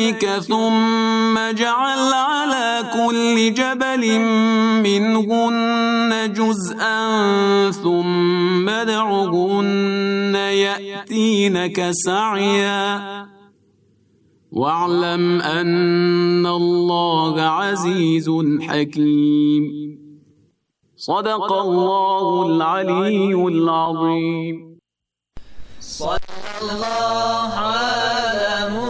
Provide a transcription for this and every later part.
إليك ثم جعل على كل جبل منهن جزءا ثم ادعهن يأتينك سعيا واعلم أن الله عزيز حكيم صدق الله العلي العظيم صلى الله على محمد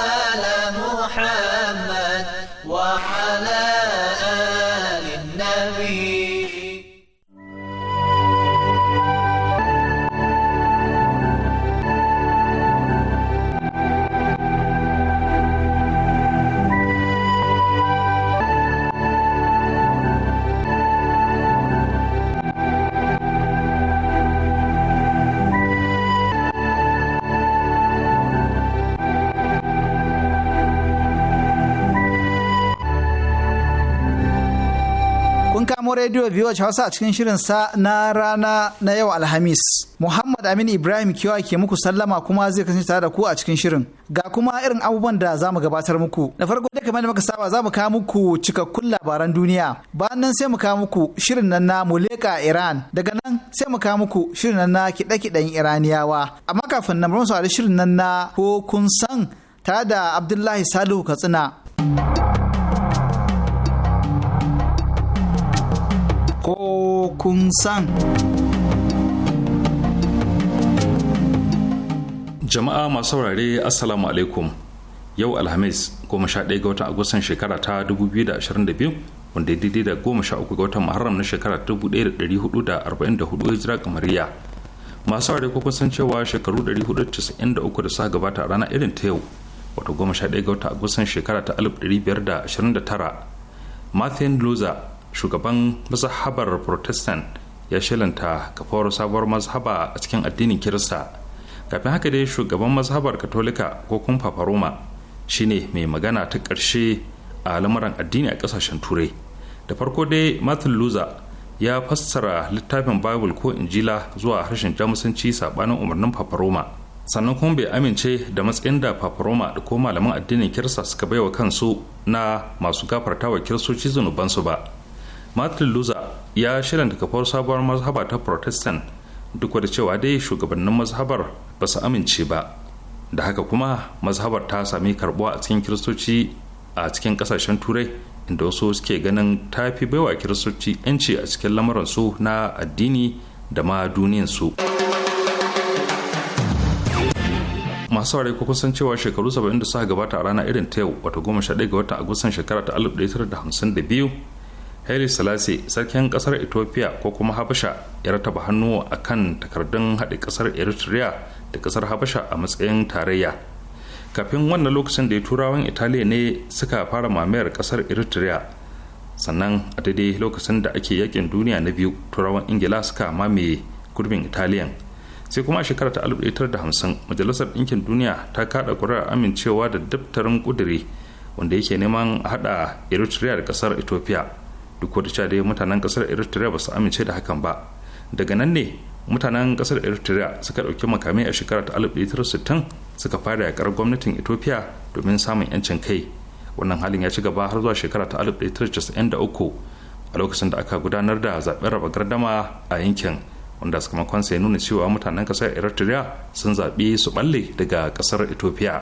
kamo rediyo VOH Hausa a cikin shirin sa na rana na yau Alhamis. Muhammad Amin Ibrahim kiwa ke muku sallama kuma zai kasance tare da ku a cikin shirin. Ga kuma irin abubuwan da za mu gabatar muku. na farko dai kamar da muka saba za mu kawo muku cikakkun labaran duniya. Bayan nan sai mu kawo muku shirin nan na Muleka Iran. Daga nan sai mu kawo muku shirin nan na kiɗe-kiɗen Iraniyawa. Amma kafin nan bari mu saurari shirin nan na ko kun san tare da Abdullahi Salihu Katsina. ko kun san. Jama'a masu saurare Assalamu alaikum yau Alhamis goma sha ɗaya ga watan Agustan shekara ta 2022 wanda daidai da goma sha uku ga watan Muharram na shekara 1444 hijira kamariya. Masu saurare ko kun san cewa shekaru 493 da suka gabata a ranar irin ta yau wato goma sha ɗaya ga watan Agustan shekara ta 1529 Martin Luther shugaban mazhabar protestant ya shilanta kafawar sabuwar mazhaba a cikin addinin kirista kafin haka dai shugaban mazhabar katolika ko kuma paparoma shine mai magana ta ƙarshe a lamuran addini a ƙasashen turai da farko dai martin luther ya fassara littafin bible ko injila zuwa harshen jamusanci saɓanin umarnin paparoma sannan kuma bai amince da matsayin da fafaroma da ko malaman addinin kirista suka baiwa kansu na masu gafartawa kiristoci zunubansu ba martin luther ya da kafar sabuwar mazhaba ta protestant duk da cewa dai shugabannin mazhabar ba su amince ba da haka kuma mazhabar ta sami karbuwa a cikin kiristoci a cikin kasashen turai inda wasu suke ganin ta fi baiwa kiristoci 'yanci a cikin lamuransu na addini da ma duniyansu masu ware ko kusan cewa shekaru 70 da suka gabata a rana irin ta yau wata 11 ga watan agustan shekara ta 1952 haile Salasi sarkin kasar ethiopia ko kuma habasha ya rataba hannu a kan takardun haɗe kasar eritrea da kasar habasha a matsayin tarayya kafin wannan lokacin da ya turawan italiya ne suka fara mamayar kasar eritrea sannan a daidai lokacin da ake yakin duniya na biyu turawan ingila suka mamaye gurbin italiyan sai kuma a shekara ta 1950 majalisar ɗinkin duniya ta kaɗa ƙuri'ar amincewa da daftarin ƙuduri wanda yake neman haɗa eritrea da kasar ethiopia duk da cewa dai mutanen kasar eritrea ba su amince da hakan ba daga nan ne mutanen kasar eritrea suka ɗauki makamai a shekarar ta sittin suka fara yakar gwamnatin ethiopia domin samun yancin kai wannan halin ya ci gaba har zuwa shekara ta uku a lokacin da aka gudanar da zaɓen raba gardama a yankin wanda sakamakon sai nuna cewa mutanen kasar eritrea sun zaɓi su ɓalle daga kasar ethiopia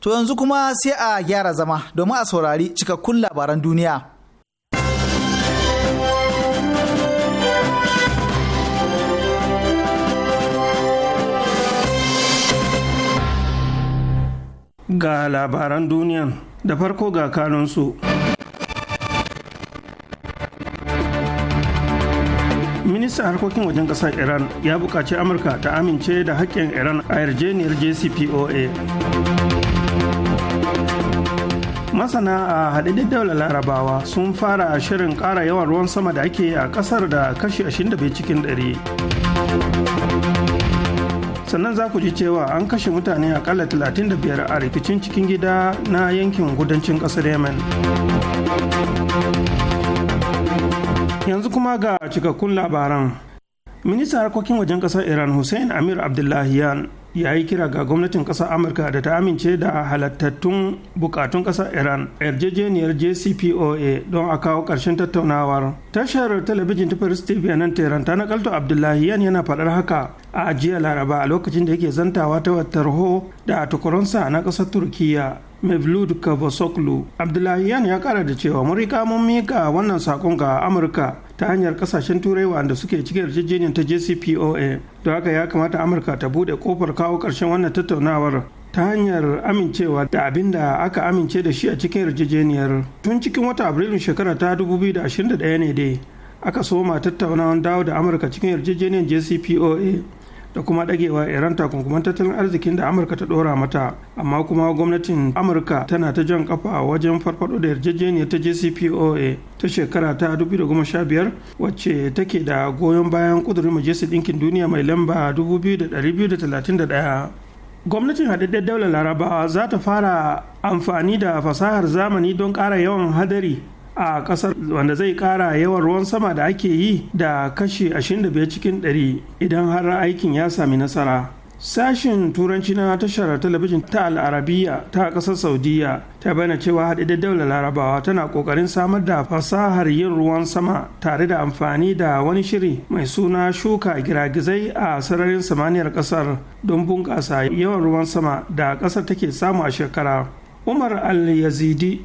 To yanzu kuma sai a gyara zama domin a saurari cikakkun labaran duniya. Ga labaran duniyan da farko ga kanunsu. ministan harkokin wajen ƙasar iran ya buƙaci amurka ta amince da haƙƙin iran a yarjejeniyar jcpoa masana a haɗaɗɗen daular larabawa sun fara shirin ƙara yawan ruwan sama da ake a ƙasar da kashi 25 cikin ɗari. sannan za ku ji cewa an kashe mutane akalla 35 a rikicin cikin gida na yankin kudancin ƙasar yemen yanzu kuma ga cikakkun labaran ministan harkokin wajen ƙasar iran hussein amir abdullahiyan ya yi kira ga gwamnatin ƙasar amurka da ta amince da halattattun bukatun ƙasar iran yarjejeniyar jcpoa don a kawo ƙarshen tattaunawar tashar talabijin ta paris tv a nan tehran ta nakalto abdullahi yan yana faɗar haka a jiya laraba a lokacin da yake zantawa ta watar ho da tukuransa na ƙasar turkiya mevlud kavosoklu abdullahi yan ya kara da cewa mun rika mun mika wannan saƙon ga amurka ta hanyar kasashen turai wanda suke cikin yarjejeniyar ta jcpoa don haka ya kamata amurka ta bude kofar kawo karshen wannan tattaunawar ta hanyar amincewa da abin da aka amince da shi a cikin yarjejeniyar tun cikin wata abrilun shekara ta 2021 ne dai aka soma tattaunawar dawo da amurka cikin yarjejeniyar jcpoa da kuma dagewa iran takunkuman tattalin arzikin da amurka ta dora mata amma kuma gwamnatin amurka tana ta jan kafa wajen farfado da yarjejeniyar ta jcpoa ta shekara ta 2015 wacce take da goyon bayan kudurin majalisar dinkin duniya mai lamba 2231 gwamnatin haɗaɗɗen daular larabawa za ta fara amfani da fasahar zamani don ƙara yawan hadari a ƙasar, wanda zai kara yawan ruwan sama da ake yi da kashi 25 cikin 100 idan har aikin ya sami nasara sashen turanci na tashar talabijin ta al'arabiya ta ƙasar saudiya ta bayyana cewa haɗe daular larabawa tana ƙoƙarin samar da fasahar yin ruwan sama tare da amfani da wani shiri mai suna shuka giragizai a sararin samaniyar ƙasar don bunƙasa yawan ruwan sama da ƙasar take samu a shekara umar al-yazidi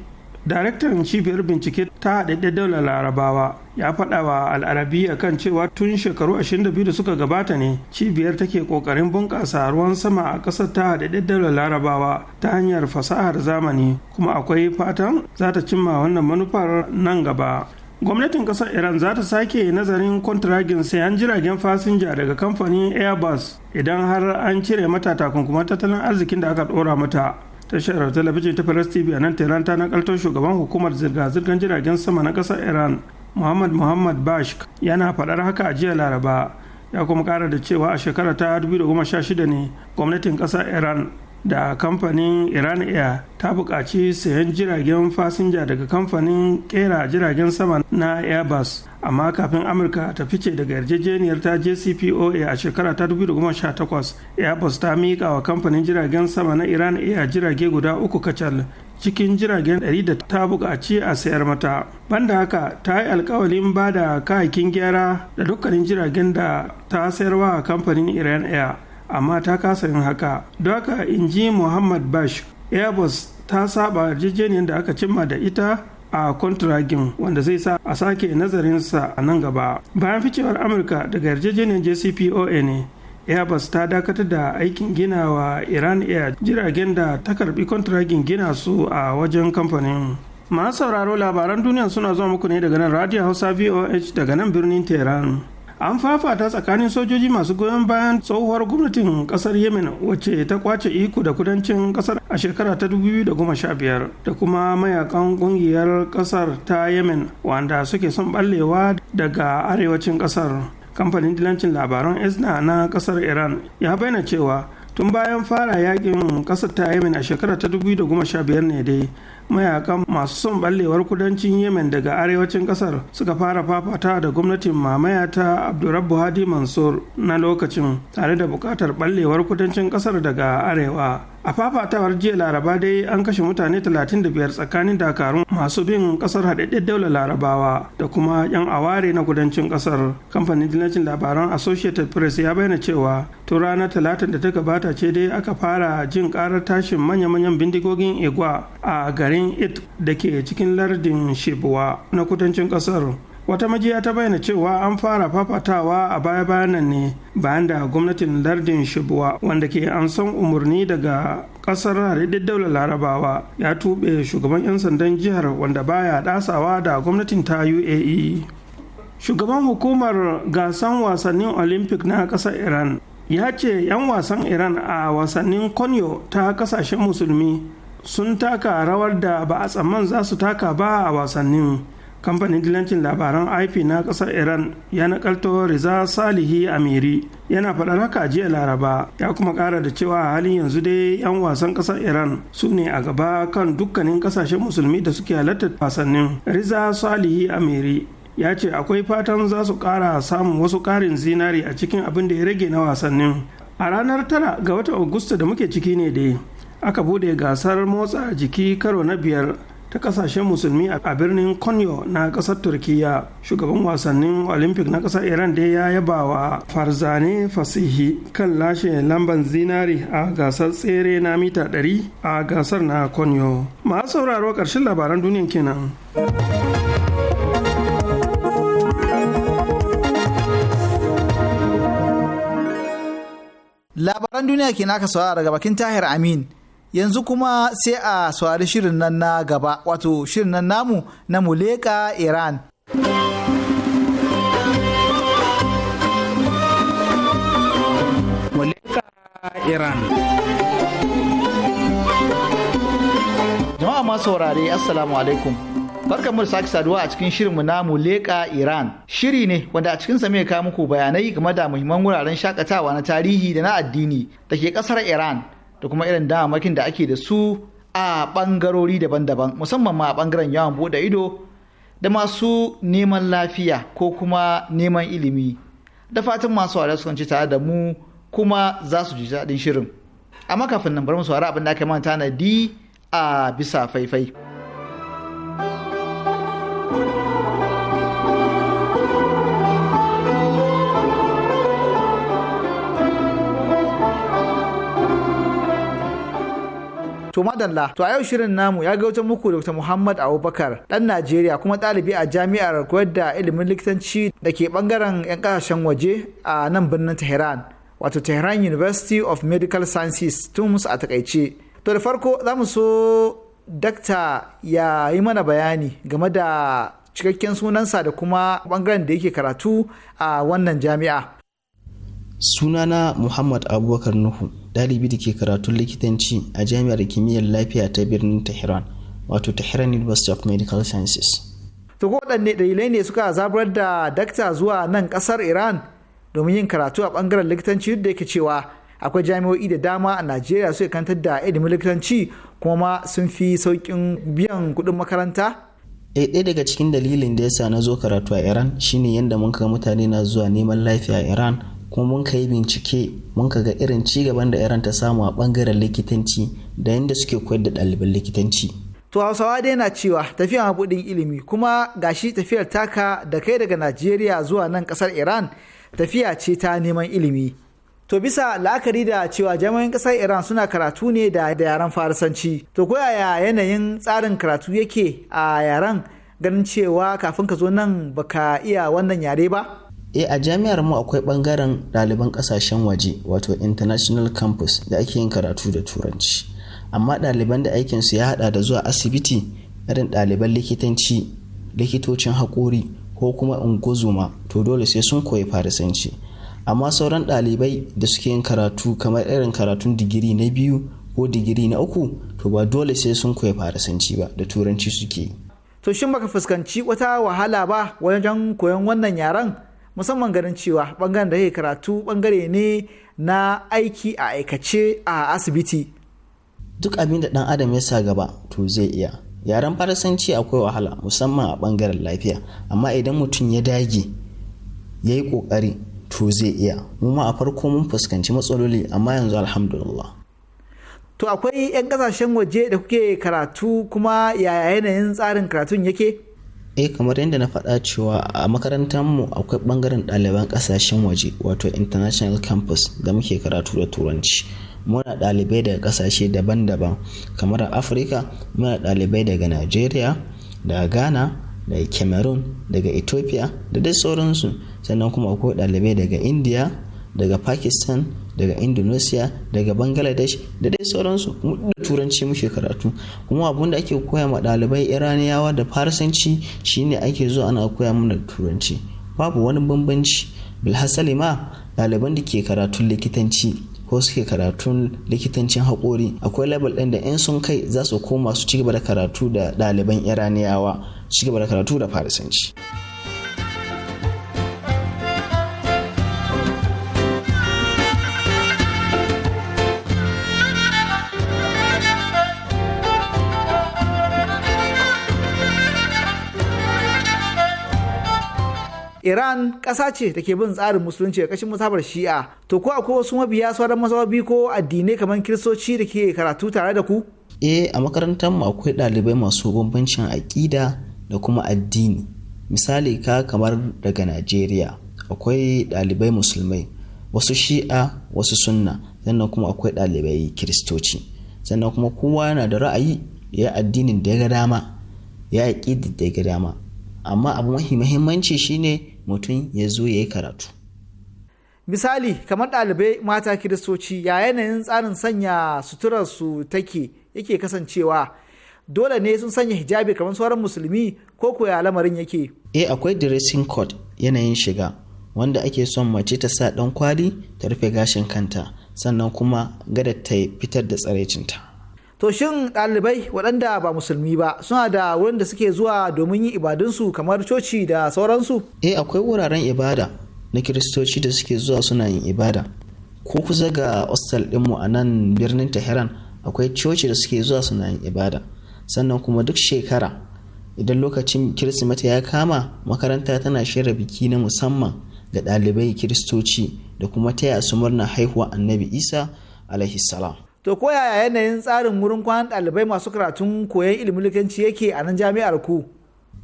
daraktan cibiyar bincike ta haɗaɗe daular larabawa ya faɗa wa al'arabiya kan cewa tun shekaru 22 da suka gabata ne cibiyar take ƙoƙarin bunƙasa ruwan sama a ƙasar ta haɗaɗe daular larabawa ta hanyar fasahar zamani kuma akwai fatan za ta cimma wannan manufar nan gaba gwamnatin ƙasar iran za ta sake nazarin kwantiragin sayan jiragen fasinja daga kamfanin airbus idan har an cire mata takunkuman tattalin arzikin da aka ɗora mata tashar talabijin ta Faras TV a nan Tehran ta nakaltar shugaban hukumar zirga-zirgar jiragen sama na ƙasar Iran Muhammad Muhammad Bashk yana faɗar haka a jiya Laraba ya kuma ƙara da cewa a shekara ta 2016 ne gwamnatin ƙasar Iran da kamfanin iran air ta buƙaci sayan jiragen fasinja daga kamfanin kera jiragen sama na airbus amma kafin amurka ta fice daga yarjejeniyar ta jcpoa a shekara ta 2018 airbus ta miƙa wa kamfanin jiragen sama na iran air jirage guda uku kacal cikin jiragen 100 da ta buƙaci a sayar mata banda haka ta yi alkawalin ba da kayakin gyara da dukkanin jiragen da ta sayarwa a kamfanin iran air amma ta kasa yin haka don haka in ji muhammad bash airbus ta saba yarjejeniyar da aka cimma da ita a kontragin wanda zai sa a sake nazarinsa a nan gaba bayan ficewar amurka daga yarjejeniyar jcpoa ne airbus ta dakatar da aikin gina wa iran air jiragen da ta karbi kontragin gina su a wajen kamfanin masu sauraro labaran duniya suna zuwa muku ne daga nan radio hausa voh daga nan birnin tehran an fafata tsakanin sojoji masu goyon bayan tsohuwar gwamnatin kasar yemen wacce ta kwace iko da kudancin kasar a shekara ta 2015 da kuma mayakan kungiyar kasar ta yemen wanda suke son ballewa daga arewacin kasar kamfanin dilancin labaran esna na kasar iran ya bayyana cewa tun bayan fara yakin kasar ta yemen a shekara ta 2015 ne dai mayakan masu son ballewar kudancin yemen daga arewacin kasar suka fara fafata da gwamnatin mamaya ta abdurrabbu hadi mansur na lokacin tare da bukatar ballewar kudancin kasar daga arewa a fafatawar jiya laraba dai an kashe mutane 35 tsakanin dakarun masu bin kasar haɗaɗɗen daular larabawa da kuma 'yan aware na kudancin kasar kamfanin dinacin labaran associated press ya bayyana cewa tun ranar talatin da ta gabata ce dai aka fara jin karar tashin manya-manyan bindigogin igwa a garin it da ke cikin lardin shibwa na kudancin kasar wata majiya ta bayyana cewa an fara fafatawa a baya bayanan ne bayan da gwamnatin lardin shibuwa wanda ke an san umarni daga kasar haɗaɗɗen daular larabawa ya tuɓe shugaban 'yan sandan jihar wanda baya ɗasawa da gwamnatin ta uae shugaban hukumar gasan wasannin olympic na ƙasar iran ya ce 'yan wasan iran a wasannin konyo ta kasashen musulmi sun taka rawar da ba a tsamman za su taka ba a wasannin kamfanin dilancin labaran ip na kasar iran ya nakalto riza salihi amiri yana faɗar haka jiya laraba ya kuma ƙara da cewa a halin yanzu dai 'yan wasan ƙasar iran su ne a gaba kan dukkanin ƙasashen musulmi da suke halartar wasannin riza salihi amiri ya ce akwai fatan za su ƙara samun wasu ƙarin zinari a cikin abin da ya rage na wasannin a ranar tara ga watan agusta da muke ciki ne dai aka bude gasar motsa jiki karo na biyar ta kasashen musulmi a birnin konyo na kasar turkiya shugaban wasannin olympic na kasar iran da ya yaba wa farzane fasihi kan lashe lamban zinari a gasar tsere na mita 100 a gasar na konyo masu sauraro ƙarshen labaran duniya kenan. labaran duniya ke naka saurara daga bakin tahir amin yanzu kuma sai a saurari shirin nan na gaba wato shirin nan namu na muleka iran muleka iran jama'a masu saurare assalamu alaikum Barkan mu sake saduwa a cikin shirinmu na Muleka Iran. Shiri ne wanda a cikin mai kawo muku bayanai game da muhimman wuraren shakatawa na tarihi da na addini da ke kasar Iran da kuma irin damamakin da ake da su a ɓangarori daban-daban musamman ma a bangaren yawon bude ido da masu neman lafiya ko kuma neman ilimi da fatan masu wara su ci tare da mu kuma za su ji daɗin shirin amma kafin nan bari mu saurari abin da aka manta tanadi a bisa faifai. To madalla, to a yau shirin namu ya gauta muku Dr. Muhammad Abubakar, ɗan Najeriya kuma ɗalibi a jami'ar koyar da ilimin likitanci da ke bangaren 'yan ƙasashen waje a nan birnin Tehran, wato Tehran University of Medical Sciences tun musu a takaice. To da farko za mu so dakta ya yi mana bayani game da cikakken sunansa da kuma ɓangaren da yake karatu a wannan jami'a. Sunana Muhammad Abubakar Nuhu. dalibi da ke karatun likitanci a jami'ar kimiyyar lafiya ta birnin tehran wato tehran university of medical sciences to ko waɗanne dalilai ne suka zabar da dakta zuwa nan ƙasar iran domin yin karatu a ɓangaren likitanci duk da yake cewa akwai jami'o'i da dama a najeriya suke kantar da ilimin likitanci kuma ma sun fi sauƙin biyan kuɗin makaranta eh, ɗaya daga cikin dalilin da ya sa na zo karatu a iran shine yadda mun ga mutane na zuwa neman lafiya a iran kuma mun ka yi bincike mun ka ga irin cigaban da iran ta samu a bangaren likitanci da yadda suke koyar da ɗaliban likitanci. to hausawa dai na cewa tafiya buɗin ilimi kuma gashi tafiyar taka da kai daga najeriya zuwa nan ƙasar iran tafiya ce ta neman ilimi. To bisa la'akari da cewa jami'an ƙasar Iran suna karatu ne da yaren Farisanci. To ko yaya yanayin tsarin karatu yake a yaren ganin cewa kafin ka zo nan baka iya wannan yare ba? e a jami'ar mu akwai bangaren ɗaliban ƙasashen waje wato international campus da ake yin karatu da turanci amma ɗaliban da aikin su ya hada da zuwa asibiti irin ɗaliban likitanci likitocin haƙori ko kuma ungozuma to dole sai sun koyi farisanci amma sauran ɗalibai da suke yin karatu kamar irin karatun digiri na biyu ko digiri na uku to ba dole sai sun koyi farisanci ba da turanci suke to shin baka fuskanci wata wahala ba wajen koyon wannan yaren musamman ganin cewa bangaren da yake karatu bangare ne na aiki a aikace a asibiti duk abin da dan adam ya sa gaba to zai iya yaren farasanci akwai wahala musamman a bangaren lafiya amma idan mutum ya dage ya yi kokari to zai iya mu ma a farko mun fuskanci matsaloli amma yanzu alhamdulillah to akwai 'yan kasashen waje da kuke karatu kuma yaya yanayin tsarin karatun yake eh kamar yadda na faɗa cewa a makarantar mu akwai ɓangaren ɗaliban ƙasashen waje wato international campus da muke karatu da turanci muna ɗalibai daga ƙasashe daban-daban kamar a afirka muna ɗalibai daga nigeria daga ghana daga cameroon daga ethiopia da dai sauransu sannan kuma akwai ɗalibai daga india daga pakistan daga indonesia daga bangladesh da dai sauransu da turanci muke karatu kuma abun da ake koya ma ɗalibai iraniyawa da farisanci shine ake zuwa ana koya mana turanci babu wani bambanci bilhassali ma ɗaliban da ke karatun likitanci ko suke karatun likitancin haƙori akwai labar ɗin da 'yan sun kai za su koma su ci gaba da karatu da ɗaliban iraniyawa su ci gaba da karatu da farisanci. iran ƙasa ce da ke bin tsarin musulunci da ƙashin musabar shi'a to ko akwai wasu mabiya sauran masababi ko addinai kamar kiristoci da ke karatu tare da ku eh a makarantar mu akwai ɗalibai masu bambancin aƙida da kuma addini misali ka kamar daga najeriya akwai ɗalibai musulmai wasu shi'a wasu sunna sannan kuma akwai ɗalibai kiristoci sannan kuma kowa yana da ra'ayi ya addinin da ya ga dama ya aƙidi da ya ga dama amma abu mahimmanci shine mutum ya zo ya yi karatu misali kamar ɗalibai mata kiristoci ya yanayin tsarin sanya suturarsu take yake kasancewa dole ne sun sanya hijabi kamar sauran musulmi ko koya lamarin yake e akwai dressing code yanayin shiga wanda ake son mace ta sa ɗan kwali ta rufe gashin kanta sannan kuma gada ta fitar da tsaraicinta to shin ɗalibai waɗanda ba musulmi ba suna da wurin da suke zuwa domin yin ibadunsu kamar coci da sauransu eh akwai wuraren ibada na kiristoci da suke zuwa suna yin ibada ko kusa ga hostel ɗinmu a nan birnin tehran akwai coci da suke zuwa suna yin ibada sannan kuma duk shekara idan lokacin kirsimeti ya kama makaranta tana shirya biki na musamman ga ɗalibai kiristoci da kuma taya su murna haihuwa annabi isa alaihi to ko yaya yanayin tsarin wurin kwan ɗalibai masu karatun koyon ilimin likanci yake a nan jami'ar ku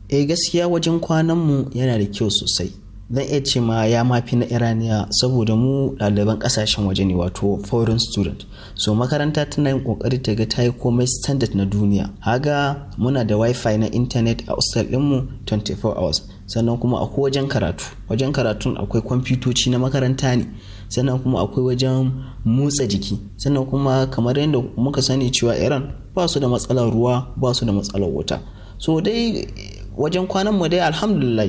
eh gaskiya wajen kwanan mu yana da kyau sosai zan iya ce ma ya mafi na iraniya saboda mu ɗaliban ƙasashen waje ne wato foreign student so makaranta tana yin ƙoƙari ta ga ta yi komai standard na duniya haga muna da wifi na intanet a hostel ɗinmu 24 hours sannan kuma akwai wajen karatu wajen karatun akwai kwamfutoci na makaranta ne sannan kuma akwai wajen motsa jiki sannan kuma kamar yadda muka sani cewa iran ba su da matsalar ruwa ba su da matsalar wuta so dai wajen kwanan mu dai alhamdulillah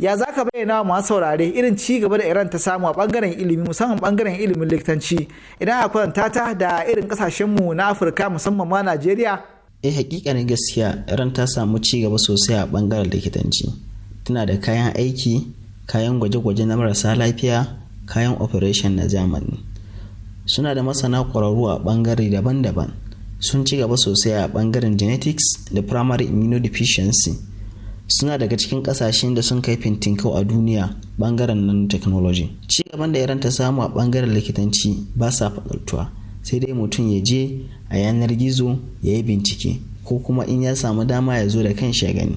ya za ka bayyana wa masu saurare irin ci gaba da iran ta samu a bangaren ilimi musamman bangaren ilimin likitanci idan a kwanta ta da irin kasashenmu na afirka musamman ma najeriya eh hakikanin gaskiya iran ta samu ci gaba sosai a bangaren likitanci tana da kayan aiki kayan gwaje-gwaje na marasa lafiya kayan operation na zamani suna da masana kwararru a bangare daban-daban sun ci gaba sosai a ɓangaren genetics da primary immunodeficiency suna daga cikin kasashen da sun kai fintinkau a duniya bangaren nanotechnology ci gaban da iran ta samu a bangaren likitanci ba sa faɗaltuwa sai dai mutum ya je a yanar gizo ya yi bincike ko kuma in ya samu dama ya zo da kan ya gani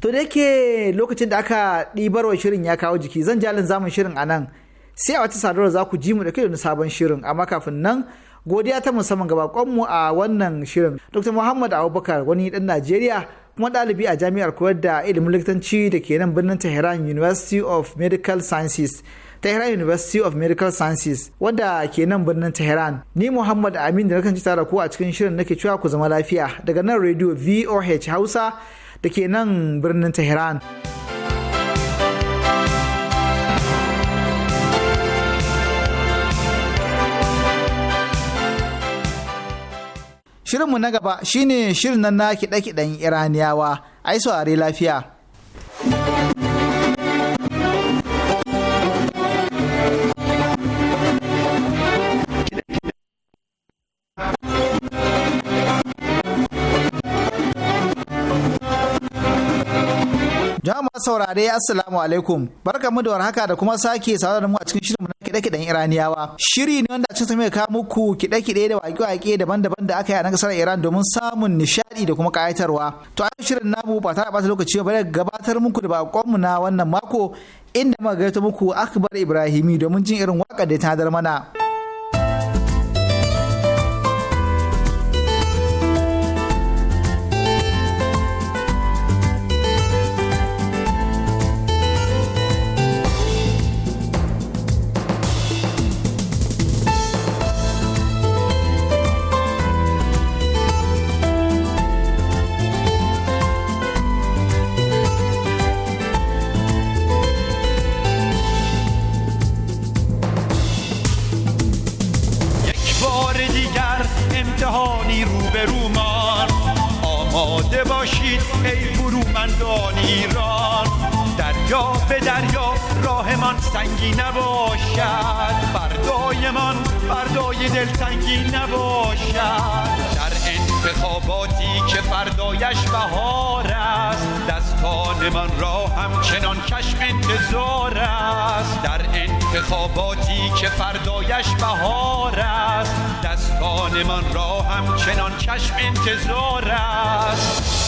to da yake lokacin da aka ɗibarwa shirin ya kawo jiki zan jalin zamun shirin a nan sai a wata sadarwar za ku ji mu da kai wani sabon shirin amma kafin nan godiya ta musamman ga bakonmu a wannan shirin dr muhammad abubakar wani dan najeriya kuma ɗalibi a jami'ar koyar da ilimin likitanci da ke nan birnin tehran university of medical sciences tehran university of medical sciences wanda ke nan birnin tehran ni muhammad amin da nakan ci tare ku a cikin shirin nake cewa ku zama lafiya daga nan radio voh hausa da ke nan birnin tehran. Shirinmu na gaba shine shirin nan na kiɗe-kiɗen Iraniyawa, ai saurari lafiya. Jama'a saurare Assalamu alaikum, barkamu da warhaka da kuma sake sauran mu a cikin shirin kiɗe-kiɗen iraniyawa shiri ne wanda cin mai kawo muku kiɗe-kiɗe da waƙe-waƙe daban-daban da aka yi a nan ƙasar iran domin samun nishaɗi da kuma ƙayatarwa to a shirin namu ba ta ɓata lokaci ba gabatar muku da baƙonmu na wannan mako inda muka gaito muku akbar ibrahimi domin jin irin waƙar da ta hadar mana. من را همچنان کشم انتظار است در انتخاباتی که فردایش بهار است دستان من را همچنان کشم انتظار است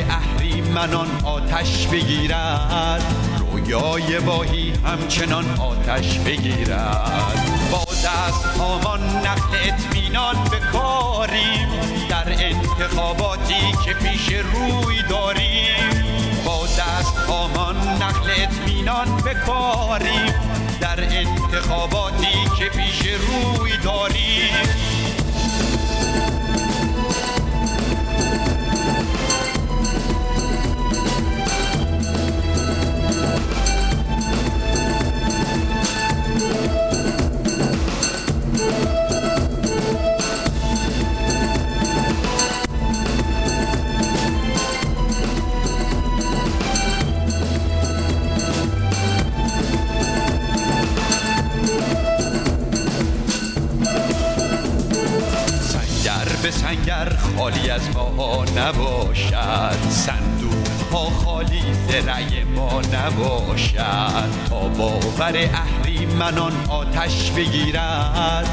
سر منان آتش بگیرد رویای باهی همچنان آتش بگیرد با دست آمان نقل اطمینان در انتخاباتی که پیش روی داریم با دست آمان نقل اطمینان بکاریم در انتخاباتی که پیش روی داریم خالی از ماها نباشد صندوق ها خالی درعی ما نباشد تا باور منان آتش بگیرد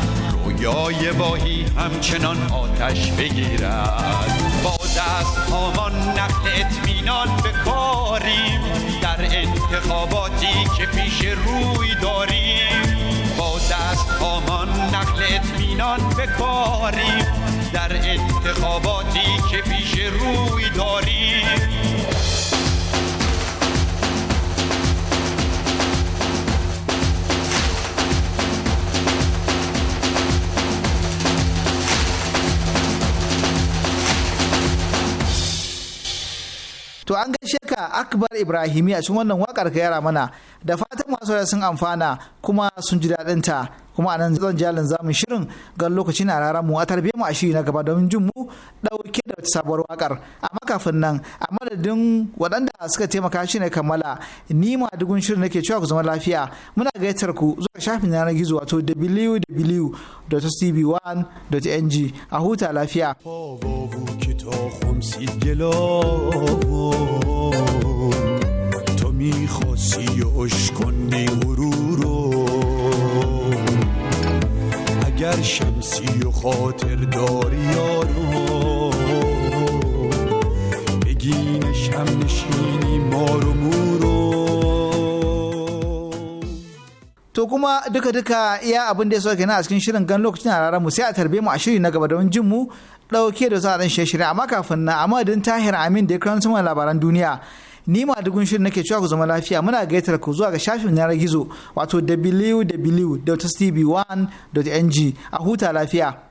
رویای واهی همچنان آتش بگیرد با دست آمان نقل اطمینان بکاریم در انتخاباتی که پیش روی داریم با دست هامان نقل اطمینان بکاریم در انتخاباتی که پیش روی داری تو Allah akbar ibrahimi a cikin wannan wakar ka yara mana da fatan masu sun amfana kuma sun ji daɗin ta kuma anan zan jalin zamu shirin ga lokacin a raran mu a tarbiyyar mu a shiri na gaba don jin mu dauke da sabuwar wakar amma kafin nan a madadin waɗanda suka taimaka shi ne kammala ni ma dugun shirin nake cewa ku zama lafiya muna gaitar ku zuwa shafin yanar gizo wato www.tv1.ng a huta lafiya. میخواستی عشق کنی رو اگر شمسی و خاطر داری یارو بگینش هم نشینی مارو مورو to kuma duka duka iya abin da ya sauke na a cikin shirin gan lokacin a mu sai a tarbe mu a shiri na gaba da jin mu dauke da za a dan shirya amma kafin na amadin tahir amin da ya karanta labaran duniya ni ma dugun shirin nake cewa ku zama lafiya muna gaitar ku zuwa ga shafin yanar gizo wato www.tv1.ng a huta lafiya.